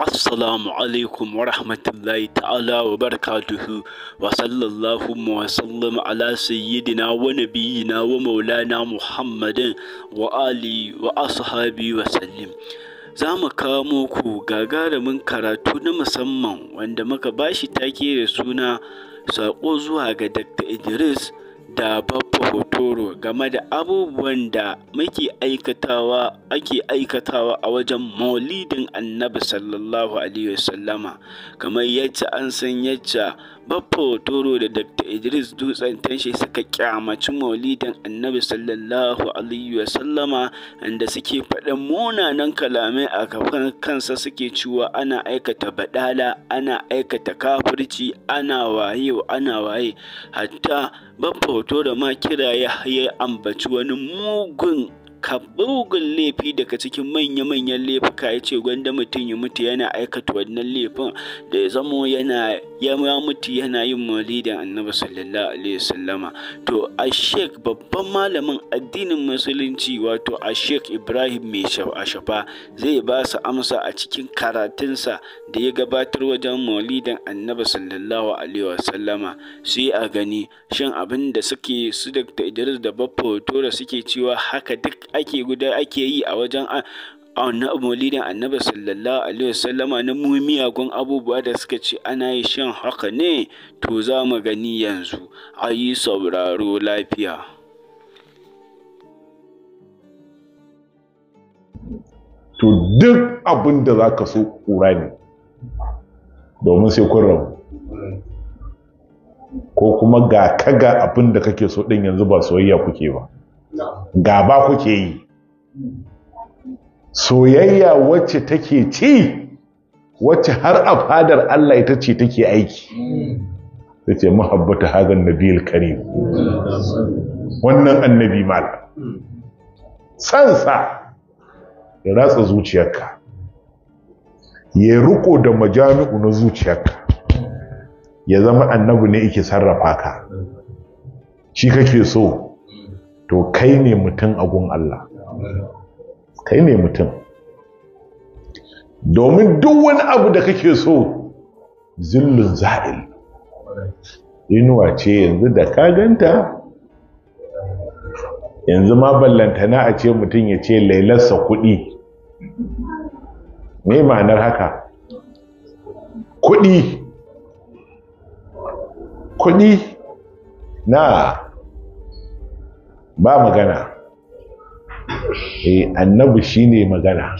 Assalamu alaikum wa rahmatullahi ta'ala wa barakatuhu wa sallallahu wa sallam ala sayyidina wa nabiyina wa maulana Muhammadin wa ali wa ashabi wa sallim. Za mu kawo ku gagarumin karatu na musamman wanda muka bashi take da suna saƙo zuwa ga Dr. Idris da Babba Toro game da abubuwan da muke aikatawa ake aikatawa a wajen maulidin annabi sallallahu alaihi wasallama kamar yacce an san yacca Bappo Toro da Dr. Idris Dutsen tashi suka kyamaci maulidin annabi sallallahu alaihi wa sallama da suke faɗin munanan kalamai a kafin kansa suke cewa ana aikata badala ana aikata kafirci ana waye ana waye hatta Bappo Toro ma kira ya ambaci wani mugun ka bugun laifi daga cikin manya-manyan laifuka ya ce gwanda mutum ya mutu yana aikata wannan laifin da ya zamo yana ya mutu yana yin maulidin annabi sallallahu alaihi wasallama to a sheik babban malamin addinin musulunci wato a sheik ibrahim mai shafa zai ba su amsa a cikin karatunsa da ya gabatar wajen maulidin annabi sallallahu alaihi wasallama sai a gani shin abin da suke su da idris da babba tora suke cewa haka duk ake guda ake yi a wajen a wannan maulidin annabi sallallahu alaihi wasallama na mu miyagun abubuwa da suka ce ana yi shan haka ne to za mu gani yanzu a yi sauraro lafiya to duk abin da za ka so ƙura ne domin sai kun rabu ko kuma ga kaga abin da kake so ɗin yanzu ba soyayya kuke ba gaba kuke yi soyayya wacce take ci wacce har a fadar Allah ita ce take aiki ta ce mahabbata hagan nabiyar karim wannan annabi mala sansa ya ratsa zuciyarka ya riko da majami'u na zuciyarka ya zama annabi ne yake sarrafa ka shi kake so to kai ne mutum agun Allah kai ne mutum domin duk wani abu da kake so zillun za'il inuwa ce yanzu da ka ganta yanzu ma ballantana a ce mutum ya ce lailarsa kuɗi me ma'anar haka kuɗi kuɗi na ba magana eh annabi shine magana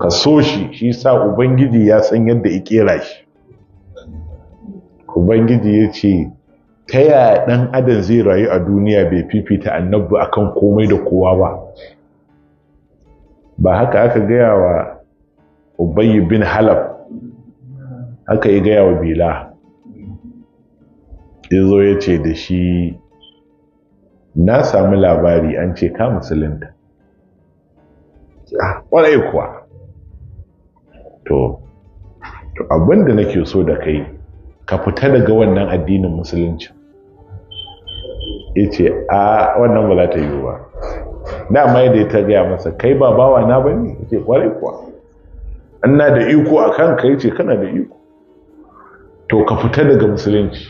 ka so shi shi sa ubangiji ya san yadda ya kera shi ubangiji ya ce ta yaya ɗan adam zai rayu a duniya bai fifita annabi akan komai da kowa ba ba haka aka gaya wa ubayy bin halab haka ya gaya wa bila ya zo ya ce da shi na samu labari an ce ka musulunta ah, ƙwarai kuwa to to abin da nake so da kai ka fita daga wannan addinin musulunci ya ce a wannan ba za ta yi ba Na dama da ta gaya masa kai ba bawa na ba ne ya ce ƙwarai kuwa an na da iko a kan kai ce kana da iko to ka fita daga musulunci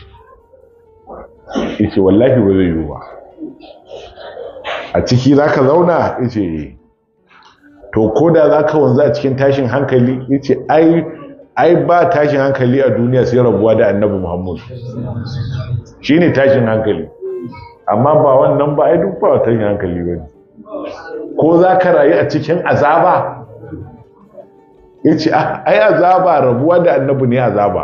ya ce wallahi ba zai yi ba a ciki za ka zauna ce. Eh. to ko da za ka wanzu a cikin tashin hankali ya ce ai ba tashin hankali a duniya sai rabuwa da annabi muhammad shi ne tashin hankali amma ba wannan ba ai duk ba tashin hankali ba ne ko za ka rayu a cikin azaba ce ah, ai azaba rabuwa da annabi ne azaba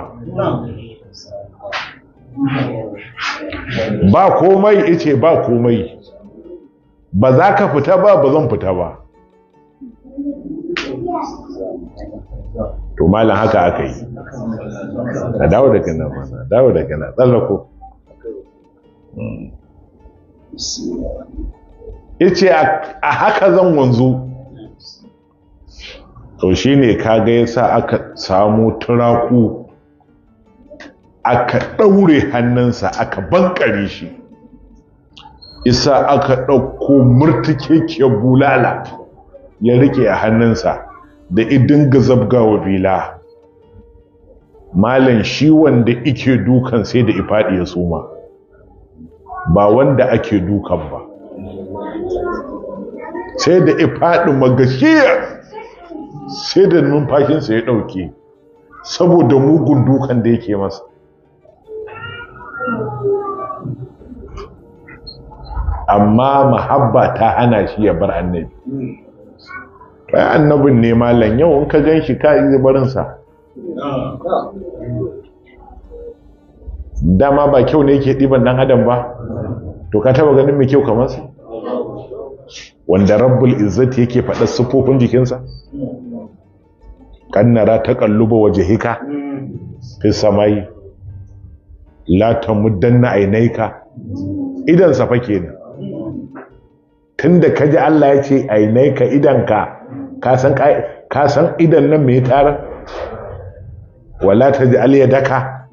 ba komai ice ba komai ba za ka fita ba ba zan fita ba to malam haka aka yi na dawo da ba na dawo da kana tsallako ice a haka zan wanzu to shi ne kaga ya sa aka samu turaku aka ɗaure hannunsa aka bankare shi isa aka ɗauko ke bulala ya rike a hannunsa da idin ga zabgawa bila malam shi wanda ike dukan sai da ifaɗi ya soma ba wanda ake dukan ba sai da ifaɗi magashiya sai da numfashinsa ya ɗauke saboda mugun dukan da yake masa amma mahabba ta hana shi ya bar annabi bai annabin ne malam yau in ka gan shi ka barinsa dama ba kyau ne ke ɗiban ɗan adam ba to ka taba ganin mai kyau kamar sa? wanda rabbul izzati yake faɗa siffofin jikinsa kannara ta kalluba waje hika fi samayi la ta muddanna ainaika idan safa kenan tunda ka ji Allah ya ce ainai ka idanka ka san idan nan mai tarar wala ta ji daka?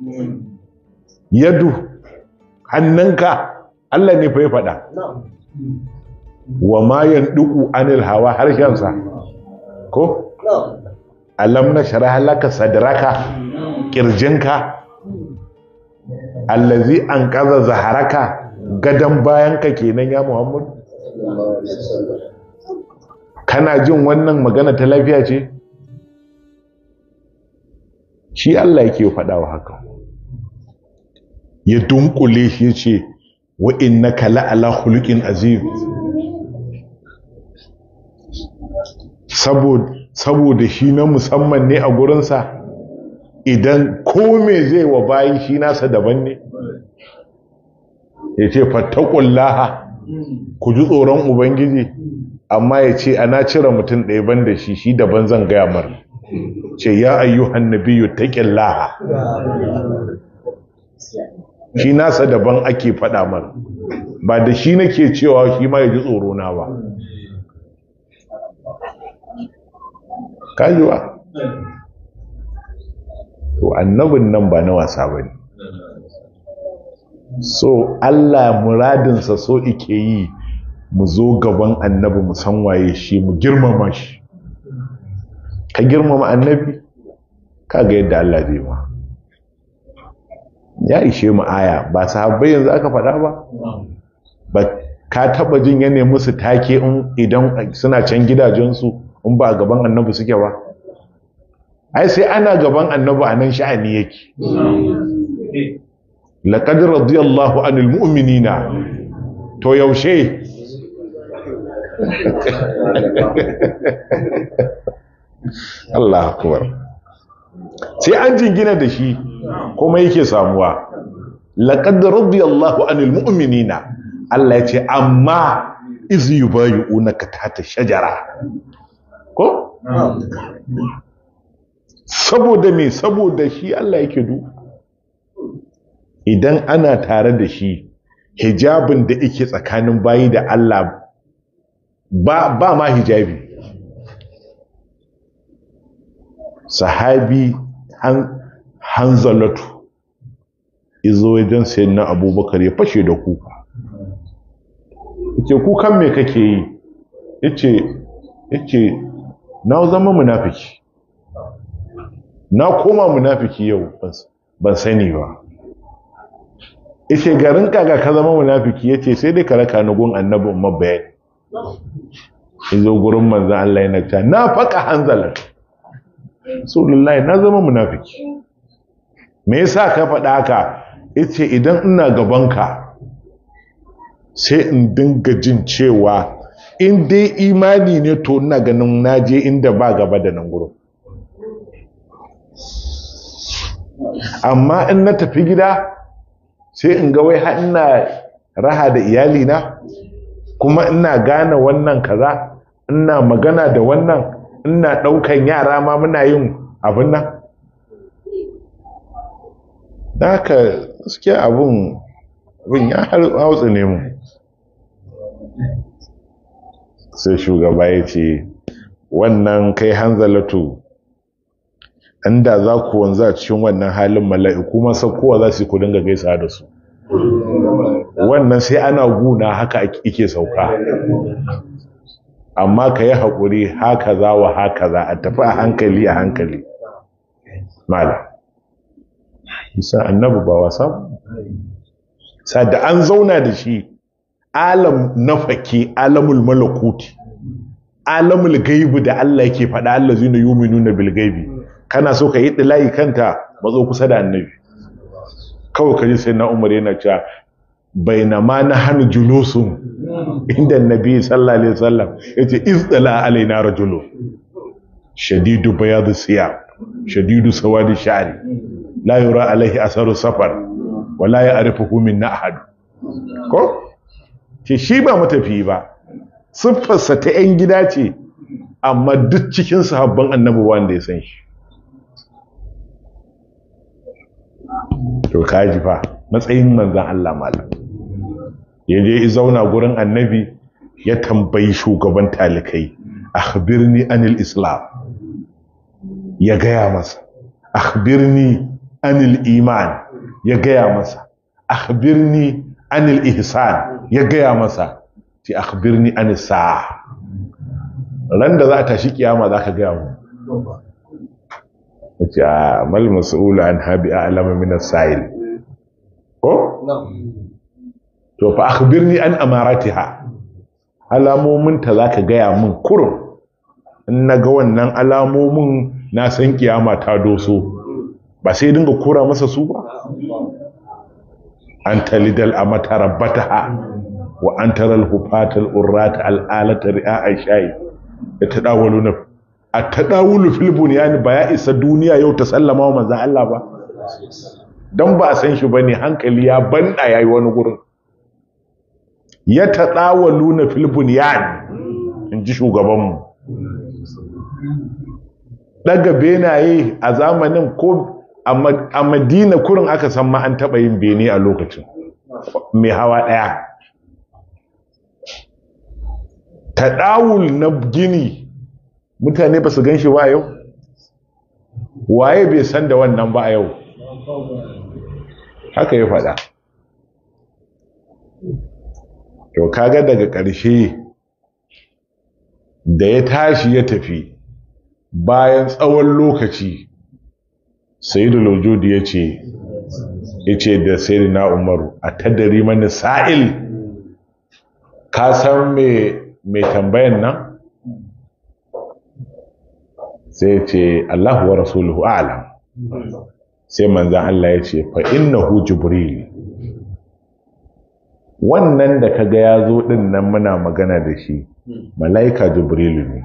yadu hannunka Allah ne fa ya faɗa wa ma duku anil hawa harshensa ko alam na shara halaka sadaraka kirjinka allazi an kaza zaharaka gadon bayanka kenan ya muhammadu kana jin wannan magana ta lafiya ce shi Allah yake faɗawa wa haka ya dunkule shi ce wa innaka la'ala khuluqin azim saboda shi na musamman ne a gurinsa idan ko kome zai wa bayin shi nasa daban ne ya ce ƙullaha. ku ji tsoron ubangiji amma ya ce ana cire mutum ɗaya ban da shi shi daban zan gaya mar ce ya ayyuhan ta laha. shi nasa daban ake faɗa mar ba da shi nake cewa shi ma ya ji tsoro na ba kajuwa to annabin nan ba na wasa ba ne. so Allah muradinsa so ike yi mu zo gaban annabi mu san waye shi mu girmama shi ka girmama annabi ka ga yadda Allah zai ma ya ishe mu aya ba sahabbai yanzu aka faɗa ba ba ka taba jin yane musu take in idan suna can gidajensu in ba gaban annabi suke ba ai sai ana gaban annabi a nan sha'ani yake laqad radiyallahu anil mu'minina to yaushe Allah akbar sai an jingina da shi kuma yake samuwa laqad radiyallahu anil mu'minina Allah ya ce amma iz yubayyi'unaka tahta shajara ko saboda me saboda shi Allah yake du idan ana tare da shi hijabin da yake tsakanin bayi da Allah ba, ba ma hijabi sahabi han, hanzalatu izo wajen sayan na abubakar ya fashe da kuka ce kukan me kake yi ya ce na zama munafiki na koma munafiki yau ban sani ba ishe garin kaga ka zama munafiki yace sai dai ka raka ni gun annabi umma bayani izo gurin manzo Allah ya na faka hanzalar rasulullahi na zama munafiki me yasa ka faɗa haka yace idan ina gaban ka sai in dinga jin cewa in dai imani ne to ina ganin naje inda ba gaba da nan gurin amma in na tafi gida sai in ga wai har ina raha da iyalina kuma ina gane wannan kaza ina magana da wannan ina ɗaukan yara ma muna yin abin nan da haka suke abin abin ya hautsu ne mu sai shugaba ya ce wannan kai hanzalatu inda za ku wanzu a cikin wannan halin mala'iku ma kowa za su yi ku dinga gaisa da su wannan sai ana guna haka ike sauka amma ka yi haƙuri haka za wa haka za a tafi a hankali a hankali mala isa annabu ba wasa sadda an zauna da shi alam na fake alamul malakuti alamul gaibu da Allah yake faɗa Allah zai na yi nuna bilgaibi kana so ka yi ɗila'i kanta matso kusa da annabi kawai ka ji sai na umar yana cewa Bai na hannu julusun inda nabi sallallahu alaihi wasallam yace izdala alaina rajulu shadidu bayadu siya shadidu sawadi sha'ri la yura alaihi asaru safar wa la ya'rifuhu min ahad ko ce shi ba matafi ba siffarsa ta yan gida ce amma duk cikin sahabban annabi wanda ya san shi to kaji fa matsayin manzan Allah malam ya je zauna gurin annabi ya tambayi shugaban talikai akhbirni anil islam ya gaya masa akhbirni anil iman ya gaya masa akhbirni anil ihsan ya gaya masa ti akhbirni anil sa'a ran da za a tashi kiyama za ka gaya mu ce a ah, mal mas'ulu an habi a'lamu min as-sa'il ko to fa akhbirni an amaratiha alamomin ta zaka gaya min kurun in na ga wannan alamomin na san kiyama ta doso ba sai dinga kora masa su ba an talidal amata rabbataha wa an taral hufatal al al'alata ri'a shayi da tadawaluna a taɗawulu filbun ya ni ba ya isa duniya yau ta sallama wa manzan Allah ba don ba a san shi ba ne hankali ya banɗa ya yi wani gurin ya taɗawalu na filbun ya ni in ji shugabanmu Ɗaga benaye a zamanin ko a madina kurin aka san ma an taɓa yin bene a lokacin mai hawa ɗaya taɗawul na gini mutane ba su gan shi ba yau waye bai san da wannan ba yau haka ya faɗa to kaga daga ƙarshe da ya tashi ya tafi bayan tsawon lokaci sayyidul wujudi ya ce ya ce da sayyidina umaru a tadari mani sa'il ka san mai tambayan nan sai ce Allahu wa rasuluhu a'lam sai manzan Allah ya ce fa innahu jibril wannan da kaga ya zo din nan muna magana da shi malaika jibrilu ne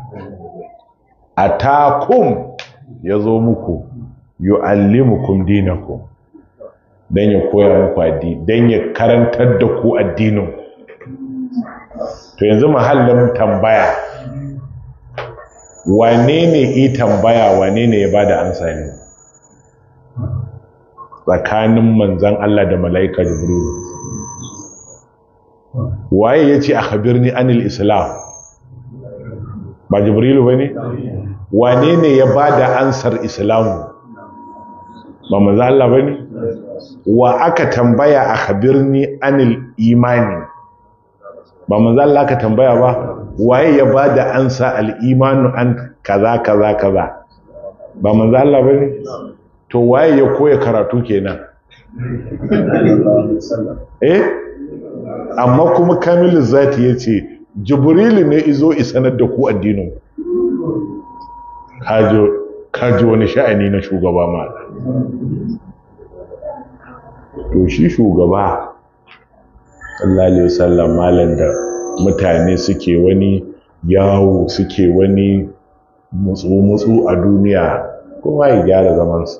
atakum ya zo muku yu'allimukum dinakum dan ya koya muku addini dan ya karantar da ku addinin to yanzu mahallin tambaya wane ne yi tambaya wane ne ya ba da ansa ne tsakanin manzan Allah da mala'ika jibril waye ya ce a ni anil islam ba jibrilu ba ne wane ne ya ba da ansar islamu ba manzan Allah ba ne wa aka tambaya a ni anil imani ba manzan Allah aka tambaya ba waye ya ba da ansa al'imanu an kaza kaza kaza ba manzo Allah bane to waye ya koya karatu kenan eh amma kuma kamilu zati yace jibrilu ne izo isanar da ku addinin kajo kajo wani sha'ani na shugaba ma to shi shugaba Allah ya sallama malan da mutane suke wani yawo suke wani mutsu-mutsu a duniya kuma ya gyara zamansu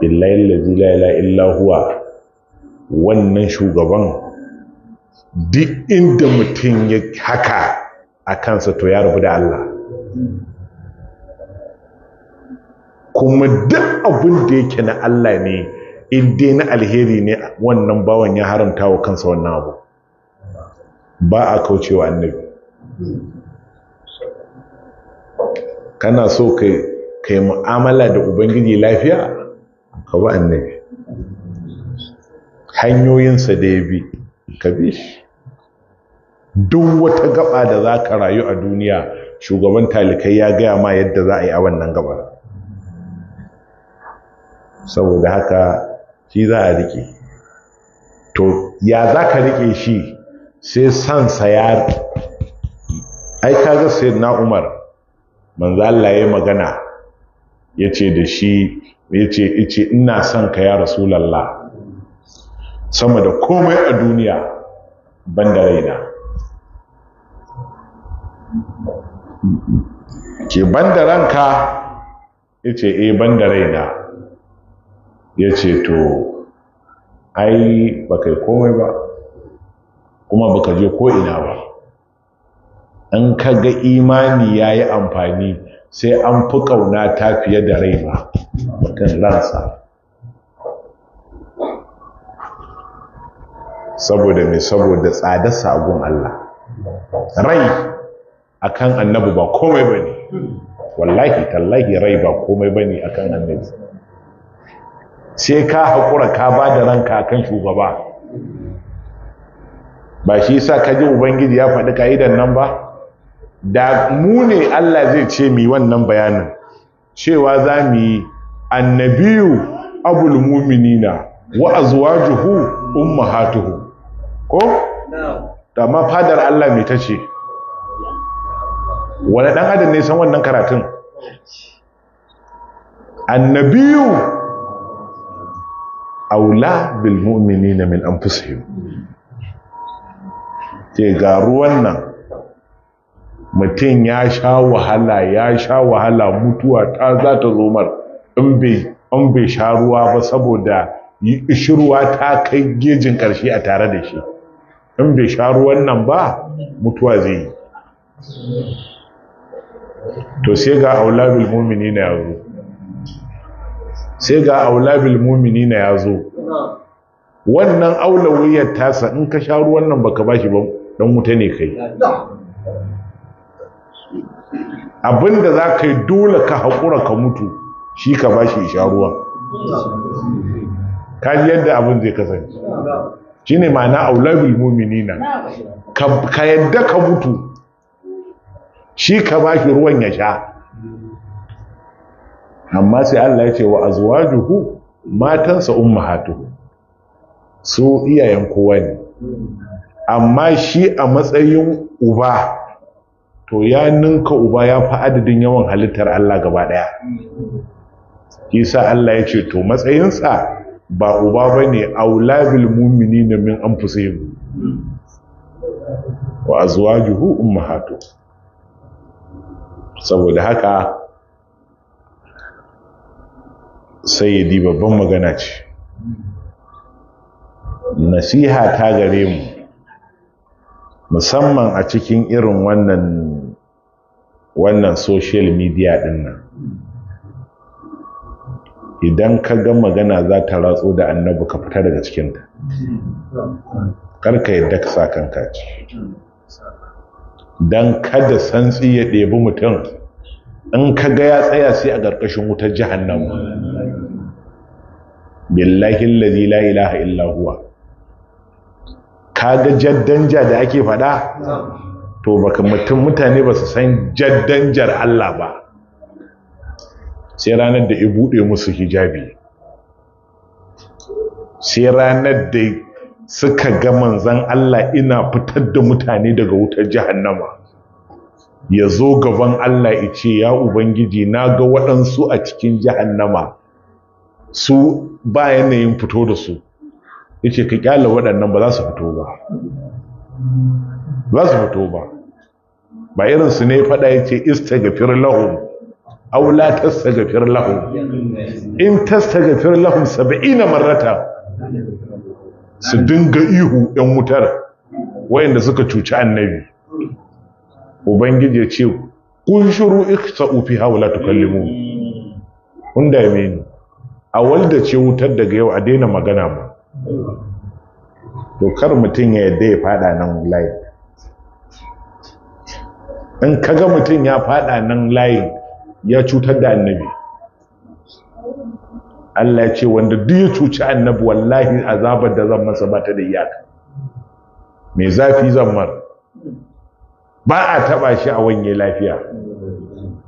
billahi lazi la wannan shugaban duk inda mutum ya haka a kansa to ya rabu da Allah kuma duk abin da yake na Allah ne in na alheri ne wannan bawan ya haramta wa kansa wannan abu ba a kaucewa annabi kana so ka yi mu'amala da ubangiji lafiya ka bi annabi hanyoyinsa da ya bi ka bi duk wata gaba da za ka rayu a duniya shugaban talikai ya gaya ma yadda za a yi a wannan gaba saboda haka shi za a rike to ya za ka rike shi sai sansa ya ai kaga na Umar manzo Allah ya magana yace da shi yace yace ina son ka ya rasulullah sama da komai a duniya banda raina ke banda ranka yace eh banda raina yace to ai ba kai komai ba kuma baka je ko ina ba in ka ga imani ya yi amfani sai an fi ƙauna ta fiye da rai ba kan ransa saboda mai saboda tsada sagun Allah rai akan annabi ba komai ba ne wallahi tallahi rai ba komai ba ne akan annabi sai ka haƙura ka ba da ranka akan shugaba ba shi yasa ka ji ubangiji ya faɗi ka'idan nan ba da mu ne Allah zai ce mi wannan bayanin cewa za mu yi annabiyu abul muminina wa azwajuhu ummahatuhu ko da ma fadar Allah mai tace wani dan adam ne san wannan karatun annabiyu aula bil mu'minina min anfusihim ce ga ruwan nan mutum ya sha wahala ya sha wahala mutuwa ta za ta zomar in bai sha ruwa ba saboda shirwa ta kai gejin ƙarshe a tare da shi in bai sha ruwan nan ba mutuwa zai yi to sai ga aulabil mumini na yazo sai ga aulabil mumini na yazo wannan aulawiyar tasa in ka sha ruwan nan baka bashi ba don wuta ne kai abinda za ka yi dole ka haƙura ka mutu shi ka ba shi ruwa. Ka yi yadda abin zai kasance shi ne ma'ana mumini muminina ka yadda ka mutu shi ka ba shi ruwan ya sha amma sai Allah ya ce wa azwajuhu matansa ummahatuhu su iyayen kowa ne amma shi a matsayin uba to ya ninka uba ya fi adadin yawan halittar Allah gaba ɗaya isa Allah ya ce to matsayinsa ba uba ba ne a wulabil mummini na min an sai wa zuwa in mahato. saboda haka sayyidi babban magana ce nasiha ta gare mu musamman a cikin irin wannan wannan social media din nan idan ka ga magana za ta ratso da annabi ka fita daga cikinta karka yadda ka sa kanka don kada santsi ya ɗebi mutum in ka ga ya tsaya sai a ƙarƙashin wutar jahannama billahi lazi la ilaha illa huwa Ka kaga jaddanja da ake faɗa to baka mutum mutane ba su san jaddanjar Allah ba sai ranar da ya bude musu hijabi sai ranar da suka ga manzan Allah ina fitar da mutane daga wutar jahannama ya zo gaban Allah ya ce ya Ubangiji na ga waɗansu a cikin jahannama su ba yanayin fito da su yace ka kyala waɗannan ba za su fito ba ba su fito ba ba irin su ne faɗa yace istaghfir lahum aw la tastaghfir lahum in tastaghfir lahum 70 marrata su dinga ihu yan wutar wayanda suka cuci annabi ubangiji ya ce kun shuru ikta fi haula tukallimu kun dame ni a walda ce wutar daga yau a daina magana ba to kar mutum ya yadda ya fada nan layi in kaga mutum ya fada nan layi ya cutar da annabi Allah ya ce wanda duk ya cuci annabi wallahi azabar da zan masa bata da iyaka mai zafi zan mar ba a taba shi a wanye lafiya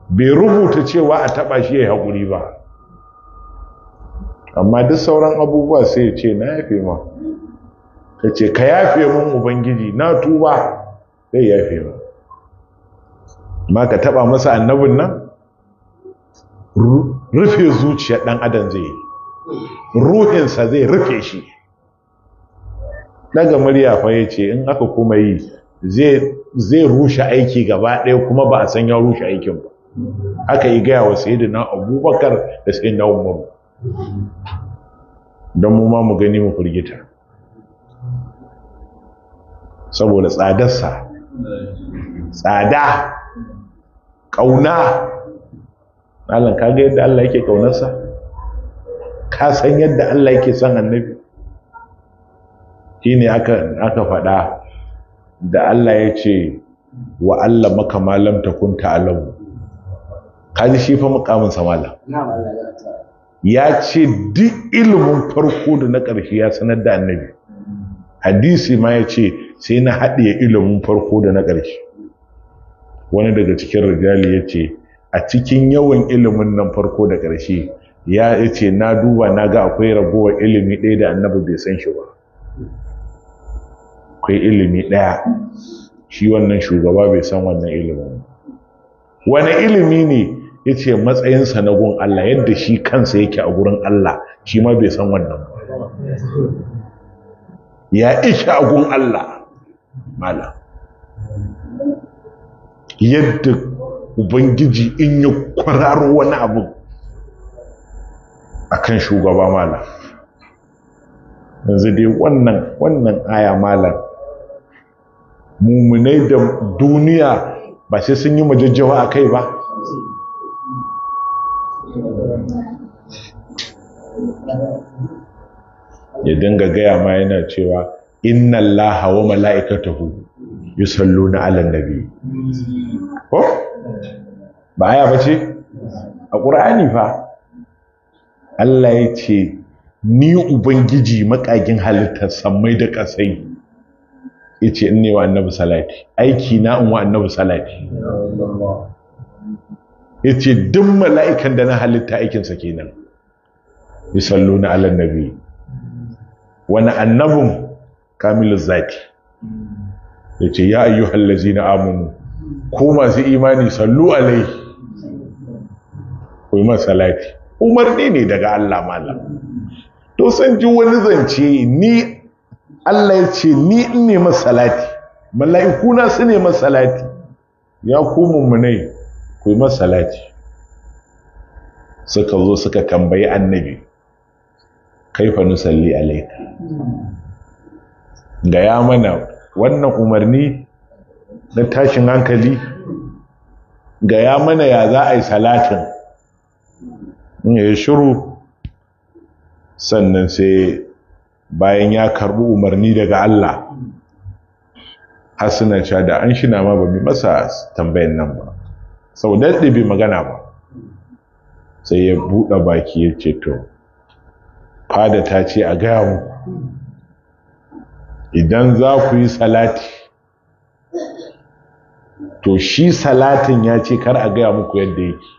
bai rubuta cewa a taba shi ya hakuri ba amma duk sauran abubuwa sai ya ce na yafe ma ka ce ka yafe mun ubangiji na tuba zai yafe ma amma ka taba masa annabin nan rufe zuciyar dan adam zai ruhinsa zai rufe shi daga murya fa ya ce in aka kuma yi zai rushe aiki gaba ɗaya kuma ba a san ya rushe aikin ba aka yi gaya wa sayyidina abubakar da sayyidina umaru don mu ma mu gani mu firgita saboda tsadarsa tsada ƙauna Allah ka ga yadda Allah yake ƙaunarsa ka san yadda Allah yake son annabi shine aka aka faɗa da Allah ya ce wa Allah maka malam takun Ka kaji shi fa mukamin sa malam na'am Allah ya ce duk ilimin farko da na ƙarshe ya sanar da annabi hadisi ma ya ce sai na haɗe ilimin farko da na ƙarshe wani daga cikin rijali ya ce a cikin yawan ilimin nan farko da ƙarshe ya ce na duba na ga akwai ragowar ilimi ɗaya da annabi bai san shi ba akwai ilimi ɗaya shi wannan shugaba bai san wannan ilimin wani ilimi ne ya ce matsayinsa na gun Allah yadda shi kansa yake a gurin Allah shi ma bai san wannan ba ya ishe a gun Allah malam yadda ubangiji in yi kwararo wani abu a kan shugaba malam yanzu dai wannan wannan aya malam mummunai da duniya ba sai sun yi majajjawa a kai ba ya dinga gaya ma yana cewa inna allaha wa mala'ikatahu yusalluna ala nabi ko ba aya bace a qur'ani fa Allah ya ce ni ubangiji makagin halittar sammai da kasai yace in ne wa annabi salati aiki na in wa annabi salati ya ce duk mala'ikan da na halitta aikinsa kenan yi sallu na na nabi wani annabin kamilu zaki ya ce ya ayyu hallazi na amunu ko masu imani sallu alai ko yi lati umarni ne daga Allah malam to san ji wani zance ni Allah ya ce ni in ne lati mala'ikuna su ne lati ya kuma munai ku yi salati suka zo suka tambayi annabi kaifa nusalli alaika gaya mana wannan umarni na tashin hankali gaya mana ya za a yi salatin in ya shiru sannan sai bayan ya karbi umarni daga Allah har suna cewa da an ma ba mi masa tambayan nan ba sau daɗe bai magana ba sai ya buɗe baki ya ce to fada ta ce a gaya mu idan za ku yi salati to shi salatin ya ce kar a gaya muku yadda yake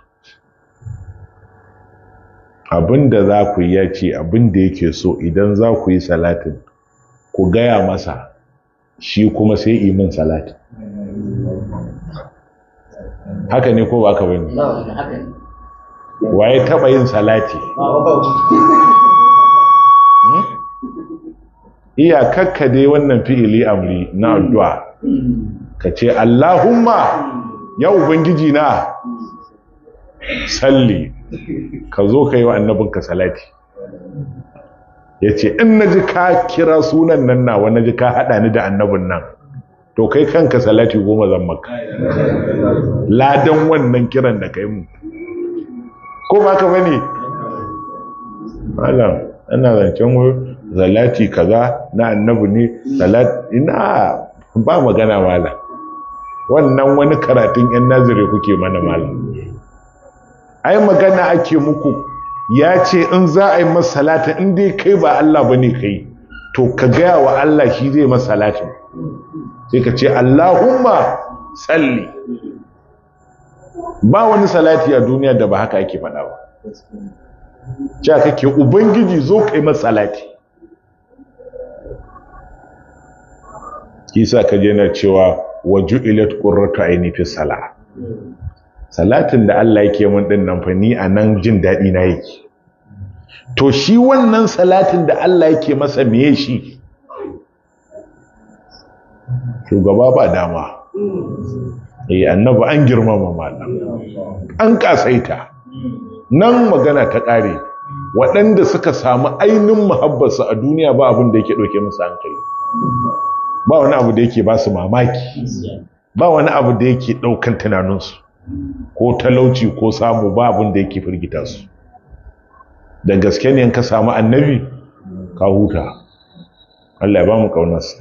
abin da za ku yi ya ce abin da yake so idan za ku yi salatin ku gaya masa shi kuma sai imin salatin haka ne ko ba ka bane ya taba yin salati hmm? iya kakka dai wannan fi'ili amri na hmm. addu'a ka ce Allahumma ya ubangiji na salli ka zo ka wa annabinka salati yace in naji ka kira sunan nan nawa na ji ka haɗa ni da annabin nan to kai kanka salati goma zan maka ladan wannan kiran da kai mu ko ba ka bane malam ana zancen wuri salati kaza na annabi ne salat ina ba magana malam wannan wani karatun yan nazire kuke mana malam ai magana ake muku ya ce in za a yi masalata in dai kai ba Allah bane kai to ka gaya wa Allah shi zai masalatin sai ka ce Allahumma tsalli ba wani salati a duniya da ba haka ake faɗa ba cewa kake ubangiji zo kai salati. kisa ka jena cewa waju ilat qurratu aini fi sala salatin da Allah yake mun din nan fa ni anan jin dadi na yake to shi wannan salatin da Allah yake masa meye shi shugaba ba dama mm. eh annabi an girmama malam an kasaita nan magana ta kare waɗanda suka samu ainihin muhabbasu a duniya ba abin da yake ɗauke musu hankali ba wani abu da yake ba su mamaki ba wani abu da yake ɗaukan tunaninsu ko talauci ko samu ba abin da yake firgita su da gaske ne ka samu annabi ka huta Allah ya ba mu ƙaunarsa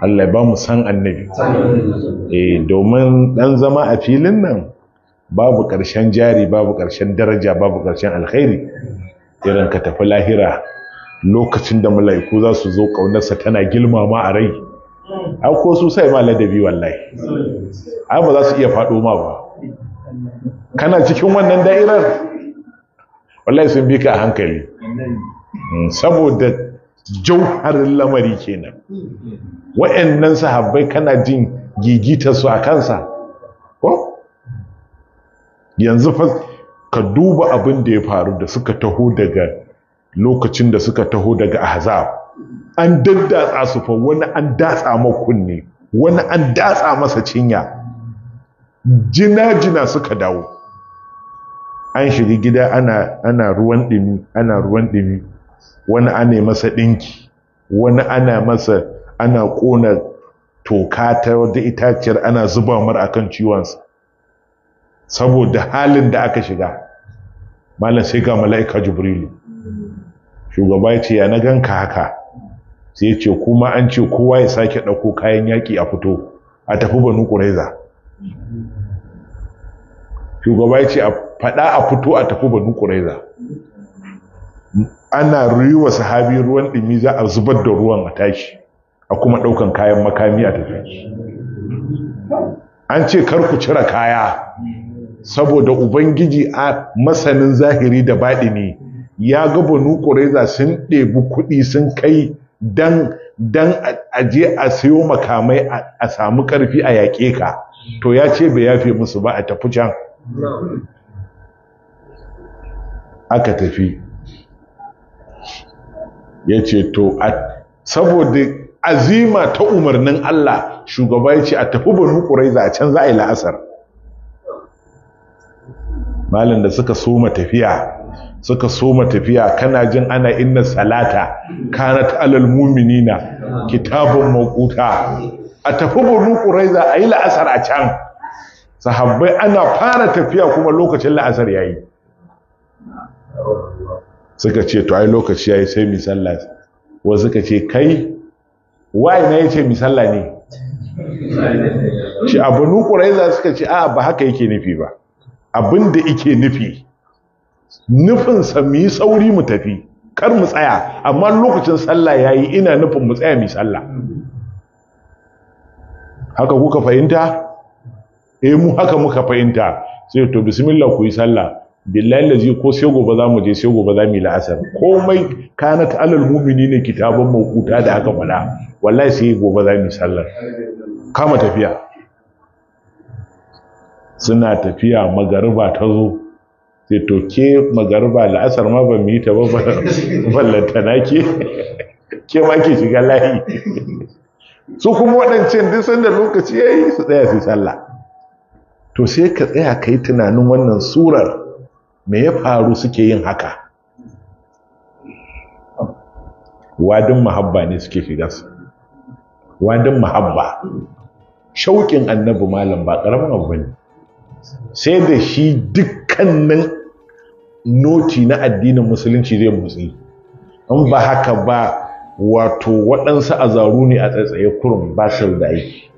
Allah ba mu san annabi eh domin dan zama a filin nan babu ƙarshen jari babu ƙarshen daraja babu ƙarshen alkhairi irin ka tafi lahira lokacin da mala'iku za su zo ƙaunarsa tana ma a rai an ko su sai ma ladabi wallahi ai ba za su iya faɗo ma ba kana cikin wannan da'irar wallahi sun bi ka hankali hmm, saboda jauharin lamari kenan wa'annan sahabbai kana jin gigita su a kansa ko yanzu fa ka duba abin da ya faru da suka taho daga lokacin da suka taho daga ahza, an daddatsa su fa wani an datsa makunne, wani an datsa masa cinya jina-jina suka dawo an shiga gida ana ruwan ɗimi ana ruwan ɗimi wani ana masa ɗinki wani ana masa ana ƙona toka ta wata itaciyar ana zuba mar kan ciwonsa saboda halin da aka shiga malam sai ga mala'ika jibrilu shugaba ce ya na ganka haka sai ya ce kuma an ce kowa ya sake ɗauko kayan yaƙi a fito a tafi banu ƙuraiza shugaba ya ce a faɗa a fito a tafi banu ƙuraiza ana ruwa sahabi ruwan ɗumi za a zubar da ruwan a tashi a kuma ɗaukan kayan makami a tafi an ce kar ku cire kaya saboda ubangiji a masanin zahiri da baɗi ne, ya ga banu ƙuraiza sun ɗebi kuɗi sun kai dan dan aje a sayo makamai a samu ƙarfi a yaƙe ka to ya ce bai yafe musu ba a tafi can aka tafi ya ce to saboda azima ta umarnin Allah shugaba ya ce a tafi banu ƙuraiza a can za a yi la'asar malin da suka soma tafiya suka soma tafiya kana jin ana inna salata kana ta alal muminina kitabun maƙuta. a tafi banu a yi la'asar a can sahabbai ana fara tafiya kuma lokacin la'asar yayi suka ce to ai lokaci yayi sai mi sallah wasu suka ce kai wai na yace mi sallah ne shi abu nu za suka ce a ba haka yake nufi ba abin da yake nufi nufin sa mu yi sauri mu tafi kar mu tsaya amma lokacin sallah yayi ina nufin mu tsaya mu sallah haka kuka fahimta eh mu haka muka fahimta sai to bismillah ku yi sallah billahi lazi ko sai gobe za mu je sai gobe za mu yi la'asar komai kanat alal mumini ne kitabun mawquta da aka faɗa wallahi sai gobe za mu yi sallar kama tafiya suna tafiya magariba ta zo sai to ke magariba la'asar ma ban yi ta ba ballantana ke ke ma ke shiga layi su kuma waɗancan duk sanda lokaci yayi su tsaya su sallah to sai ka tsaya kai tunanin wannan surar me ya faru suke yin haka wadin mahabba ne suke shiga su wadin mahabba shauƙin annabi malam ba ƙaramin abu ne sai da shi dukkanin noti na addinin musulunci zai motsi in ba haka ba wato waɗansu azaru ne a tsatsaye kurum ba su da aiki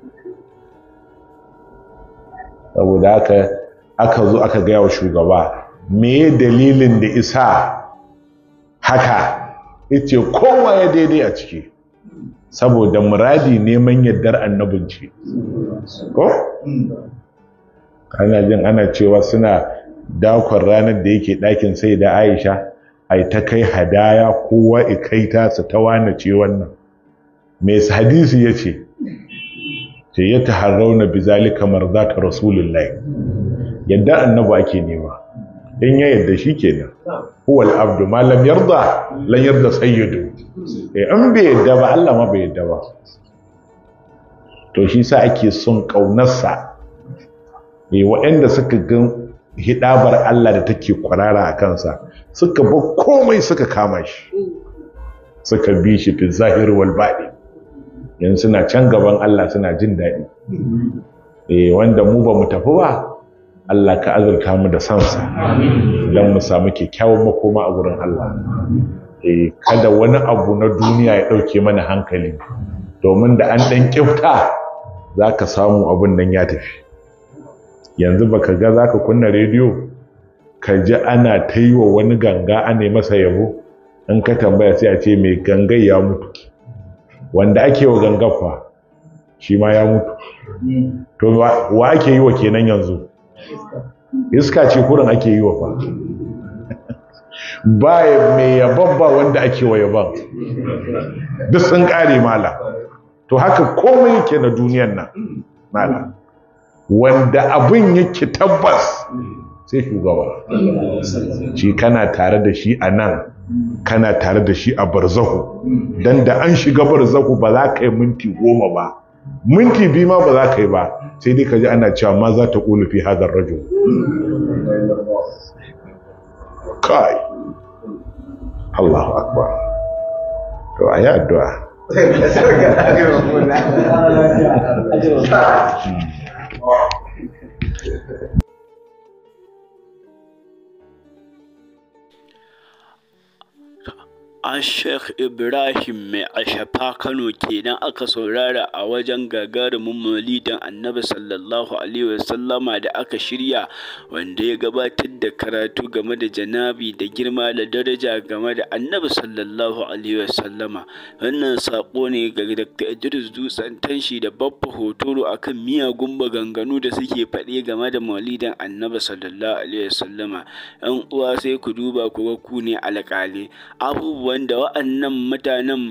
saboda haka aka zo aka gaya wa shugaba me dalilin da isa haka ita kowa ya daidai a ciki saboda muradi neman yardar annabin ce ko ana jin ana cewa suna dakon ranar da yake ɗakin sai da aisha ai ta kai hadaya kowa ikaita su ta wane ce wannan mai hadisi ya ce ce ya ta harrauna marzaka rasulullahi yadda annabi ake nema in ya yarda shi kenan huwal abdu ma lam yarda lan yarda sayyidu eh an bai yarda ba Allah ma bai yarda ba to shi sa ake son kaunarsa eh waɗanda suka ga hidabar Allah da take kwarara a kansa suka ba komai suka kama shi suka bi shi fi zahir wal baɗi yanzu suna can gaban Allah suna jin daɗi eh wanda mu ba mu tafi ba Allah ka azurta mu da sansa don mu samu kyakkyawan makoma a gurin Allah eh, kada wani abu na duniya ya ɗauke mana hankali domin da an ɗan kyauta za ka samu abin nan ya tafi yanzu baka ga za ka kunna rediyo ka ji ana ta yi wani ganga ne masa yabo in ka tambaya sai a ce mai ganga ya mutu wanda ake wa gangan fa shi ma ya mutu to wa ake yi wa kenan yanzu iska ce kurin ake yi wa fa ba mai yabon ba wanda ake wa yabon duk sun kare mala to haka komai yake na duniyan nan mala wanda abin yake tabbas sai shugaba shi kana tare da shi a nan kana tare da shi a barzahu don da an shiga barzahu ba za ka yi minti goma ba minti biyu ma ba za ka yi ba sai dai ka ji ana cewa ma za ta ƙulu fi hadar rajo kai Allahu akbar to a yi addu'a hmm. a Sheikh Ibrahim Mai Ashafa Kano kenan aka saurara a wajen gagarumin maulidin Annabi sallallahu alaihi wasallama da aka shirya wanda ya gabatar da karatu game da janabi da girma da daraja game da Annabi sallallahu alaihi wasallama wannan saƙo ne ga Dr. Idris Dutsen Tanshi da Babba Hotoro akan miyagun maganganu da suke faɗe game da maulidin Annabi sallallahu alaihi uwa sai ku duba ku ku ne alƙali abubuwan wanda wa'annan mutanen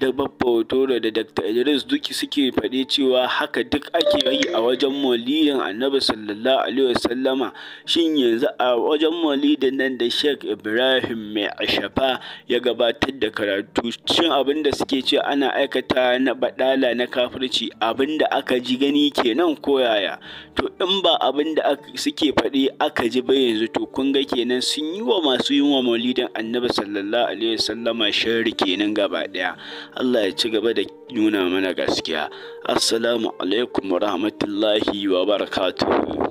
da Baffa da Dr. Idris Duki suke faɗi cewa haka duk ake yi a wajen maulidin Annabi sallallahu alaihi wasallama shin yanzu a wajen maulidin nan da Sheikh Ibrahim Mai Ashafa ya gabatar da karatu shin abin da suke ce ana aikata na badala na kafirci da aka ji gani kenan ko yaya to in ba abin da suke faɗi aka ji ba yanzu to kun ga kenan sun yi wa masu yin wa maulidin Annabi sallallahu alaihi wasallama sharri kenan gaba ɗaya Allah ya ci gaba da nuna mana gaskiya assalamu alaikum wa rahmatullahi wa barakatuhu